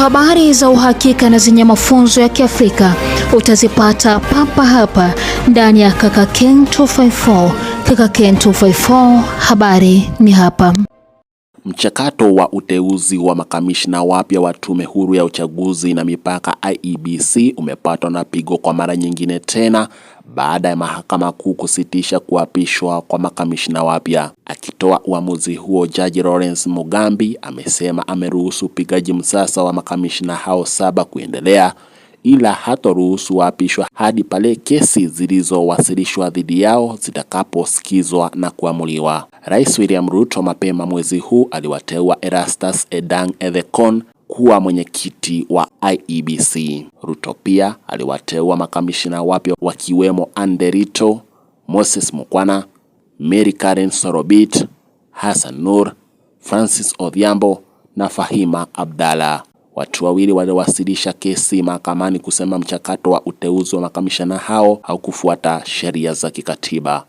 Kwa habari za uhakika na zenye mafunzo ya Kiafrika utazipata papa hapa ndani ya Kaka Ken 254. Kaka Ken 254, habari ni hapa. Mchakato wa uteuzi wa makamishna wapya wa Tume Huru ya Uchaguzi na Mipaka IEBC umepatwa na pigo kwa mara nyingine tena baada ya Mahakama Kuu kusitisha kuapishwa kwa makamishna wapya. Akitoa uamuzi huo, Jaji Lawrence Mugambi amesema ameruhusu upigaji msasa wa makamishna hao saba kuendelea ila hatoruhusu waapishwa hadi pale kesi zilizowasilishwa dhidi yao zitakaposikizwa na kuamuliwa. Rais William Ruto mapema mwezi huu aliwateua Erastus Edang Ethekon kuwa mwenyekiti wa IEBC. Ruto pia aliwateua makamishina wapya wakiwemo Anderito, Moses Mukwana, Mary Karen Sorobit, Hassan Nur, Francis Odhiambo na Fahima Abdallah. Watu wawili waliowasilisha kesi mahakamani kusema mchakato wa uteuzi wa makamishana hao haukufuata sheria za kikatiba.